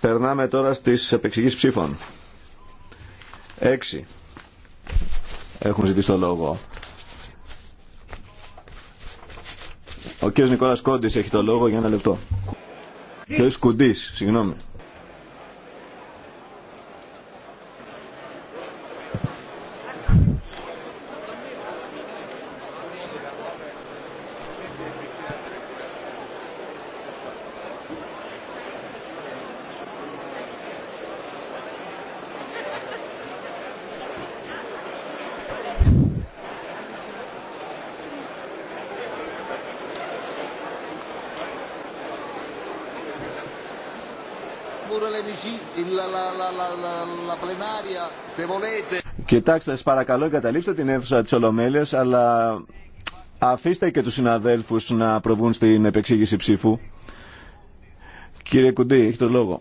Περνάμε τώρα στις επεξηγήσεις ψήφων. Έξι. Έχουν ζητήσει το λόγο. Ο κ. Νικόλας Κόντης έχει το λόγο για ένα λεπτό. Κ. Κουντής, συγγνώμη. Κοιτάξτε, σα παρακαλώ εγκαταλείψτε την αίθουσα τη Ολομέλειας, αλλά αφήστε και του συναδέλφου να προβούν στην επεξήγηση ψήφου. Κύριε Κουντή, έχει το λόγο.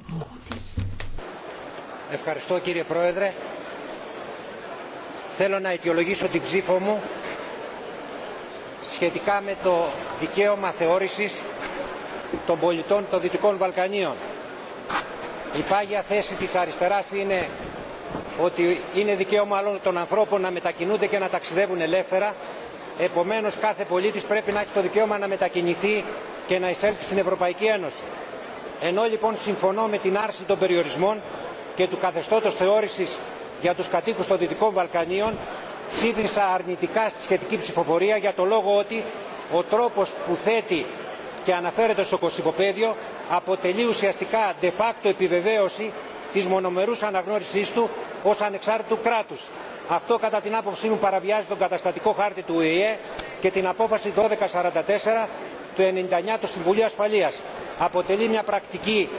Ευχαριστώ κύριε Πρόεδρε. Θέλω να αιτιολογήσω την ψήφο μου σχετικά με το δικαίωμα θεώρησης των πολιτών των Δυτικών Βαλκανίων. Η πάγια θέση της αριστεράς είναι ότι είναι δικαίωμα όλων των ανθρώπων να μετακινούνται και να ταξιδεύουν ελεύθερα. Επομένως κάθε πολίτης πρέπει να έχει το δικαίωμα να μετακινηθεί και να εισέλθει στην Ευρωπαϊκή Ένωση. Ενώ λοιπόν συμφωνώ με την άρση των περιορισμών και του καθεστώτος θεώρησης για τους κατοίκους των Δυτικών Βαλκανίων, ψήφισα αρνητικά στη σχετική ψηφοφορία για το λόγο ότι ο τρόπος που θέτει και αναφέρεται στο κωσυφοπαίδιο αποτελεί ουσιαστικά de facto επιβεβαίωση της μονομερούς αναγνώρισής του ως ανεξάρτητου κράτους. Αυτό κατά την άποψή μου παραβιάζει τον καταστατικό χάρτη του ΟΗΕ και την απόφαση 1244 του 99 του Συμβουλίου Ασφαλείας. Αποτελεί μια πρακτική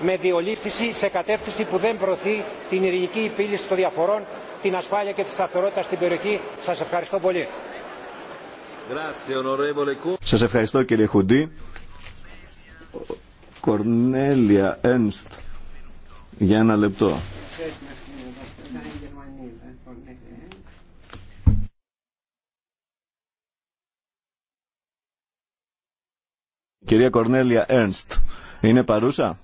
με διολίσθηση σε κατεύθυνση που δεν προωθεί την ειρηνική επίλυση των διαφορών, την ασφάλεια και τη σταθερότητα στην περιοχή. Σας ευχαριστώ πολύ. Σας ευχαριστώ Κορνέλια Έρνστ για ένα λεπτό. Κυρία Κορνέλια Έρνστ είναι παρούσα?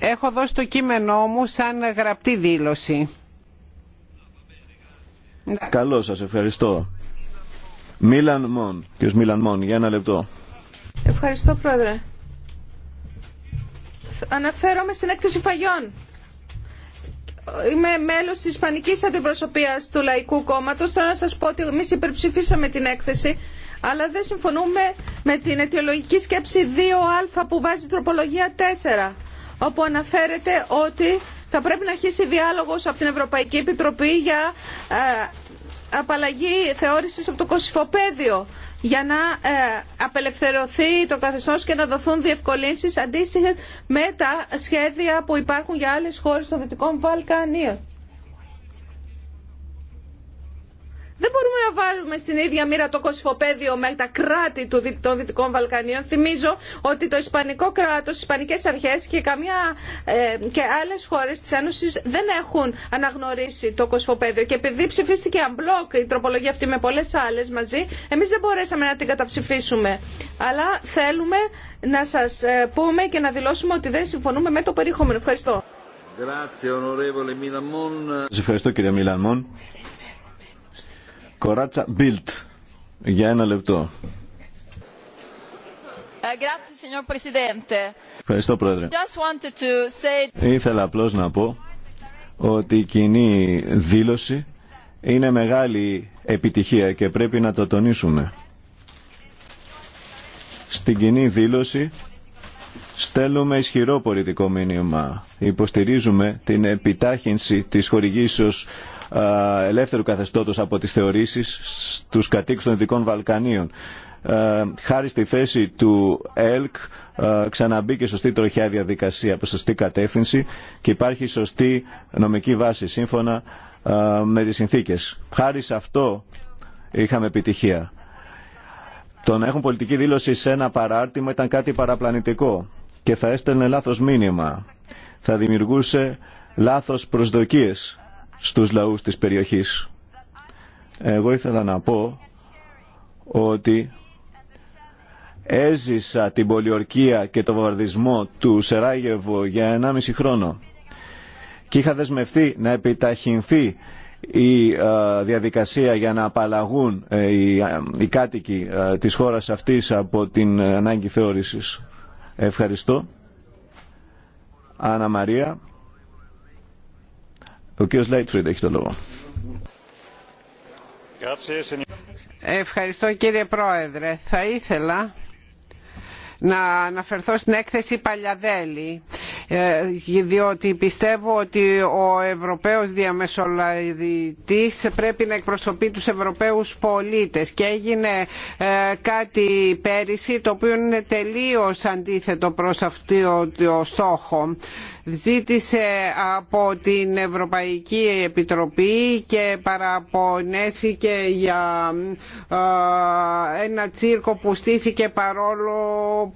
Έχω δώσει το κείμενό μου σαν γραπτή δήλωση. Καλώς σας ευχαριστώ. Μίλαν Μον. Κύριος Μίλαν Μον, για ένα λεπτό. Ευχαριστώ, Πρόεδρε. Αναφέρομαι στην έκθεση φαγιών. Είμαι μέλο τη Ισπανική Αντιπροσωπεία του Λαϊκού Κόμματο. Θέλω να σα πω ότι εμεί υπερψηφίσαμε την έκθεση, αλλά δεν συμφωνούμε με την αιτιολογική σκέψη 2α που βάζει τροπολογία 4, όπου αναφέρεται ότι θα πρέπει να αρχίσει διάλογο από την Ευρωπαϊκή Επιτροπή για ε, απαλλαγή θεώρησης από το κοσυφοπαίδιο για να ε, απελευθερωθεί το καθεστώς και να δοθούν διευκολύνσεις αντίστοιχες με τα σχέδια που υπάρχουν για άλλες χώρες των Δυτικών Βαλκανίων. Δεν μπορούμε να βάλουμε στην ίδια μοίρα το κοσφοπέδιο με τα κράτη των Δυτικών Βαλκανίων. Θυμίζω ότι το Ισπανικό κράτο, οι ισπανικέ αρχέ και, καμιά, ε, και άλλες χώρες της Ένωσης δεν έχουν αναγνωρίσει το κοσφοπέδιο. Και επειδή ψηφίστηκε αμπλόκ η τροπολογία αυτή με πολλέ άλλε μαζί, εμεί δεν μπορέσαμε να την καταψηφίσουμε. Αλλά θέλουμε να σας ε, πούμε και να δηλώσουμε ότι δεν συμφωνούμε με το περιεχόμενο. Ευχαριστώ. Σα ευχαριστώ κύριε Μιλανμόν. Κοράτσα Μπίλτ. Για ένα λεπτό. Ε, Ευχαριστώ, Πρόεδρε. Ήθελα απλώ να πω ότι η κοινή δήλωση είναι μεγάλη επιτυχία και πρέπει να το τονίσουμε. Στην κοινή δήλωση στέλνουμε ισχυρό πολιτικό μήνυμα. Υποστηρίζουμε την επιτάχυνση της χορηγήσεως ελεύθερου καθεστώτος από τις θεωρήσεις στους κατοίκους των Δυτικών Βαλκανίων. Χάρη στη θέση του ΕΛΚ ξαναμπήκε σωστή τροχιά διαδικασία από σωστή κατεύθυνση και υπάρχει σωστή νομική βάση σύμφωνα με τις συνθήκες. Χάρη σε αυτό είχαμε επιτυχία. Το να έχουν πολιτική δήλωση σε ένα παράρτημα ήταν κάτι παραπλανητικό και θα έστελνε λάθος μήνυμα. Θα δημιουργούσε λάθος προσδοκίες στους λαούς της περιοχής. Εγώ ήθελα να πω ότι έζησα την πολιορκία και το βαρδισμό του Σεράγεβο για 1,5 χρόνο και είχα δεσμευτεί να επιταχυνθεί η ε, διαδικασία για να απαλλαγούν ε, ε, οι κάτοικοι της χώρας αυτής από την ανάγκη θεώρησης. Ευχαριστώ. Άννα Μαρία. Ο κ. Λάιτφριντ έχει το λόγο. Ευχαριστώ κύριε Πρόεδρε. Θα ήθελα να αναφερθώ στην έκθεση Παλιαδέλη ε, διότι πιστεύω ότι ο Ευρωπαίος διαμεσολαβητής πρέπει να εκπροσωπεί τους Ευρωπαίους πολίτες και έγινε ε, κάτι πέρυσι το οποίο είναι τελείως αντίθετο προς αυτό το στόχο. Ζήτησε από την Ευρωπαϊκή Επιτροπή και παραπονέθηκε για ε, ένα τσίρκο που στήθηκε παρόλο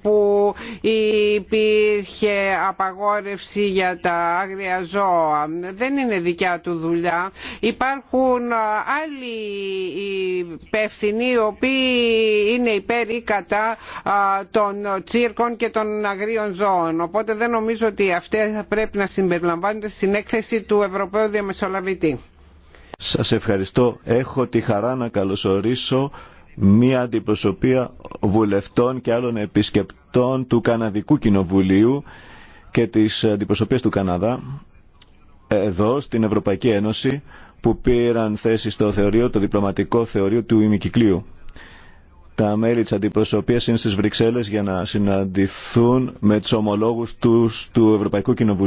που υπήρχε απαγόρευση απαγόρευση για τα άγρια ζώα δεν είναι δικιά του δουλειά υπάρχουν άλλοι υπεύθυνοι οι οποίοι είναι υπέρ ή κατά των τσίρκων και των αγρίων ζώων οπότε δεν νομίζω ότι αυτέ θα πρέπει να συμπεριλαμβάνονται στην έκθεση του Ευρωπαίου Διαμεσολαβητή Σας ευχαριστώ έχω τη χαρά να καλωσορίσω μία αντιπροσωπεία βουλευτών και άλλων επισκεπτών του Καναδικού Κοινοβουλίου και τις αντιπροσωπείες του Καναδά εδώ στην Ευρωπαϊκή Ένωση που πήραν θέση στο θεωρείο, το διπλωματικό θεωρείο του ημικυκλίου. Τα μέλη της αντιπροσωπείας είναι στις Βρυξέλλες για να συναντηθούν με τους ομολόγους τους του Ευρωπαϊκού Κοινοβουλίου.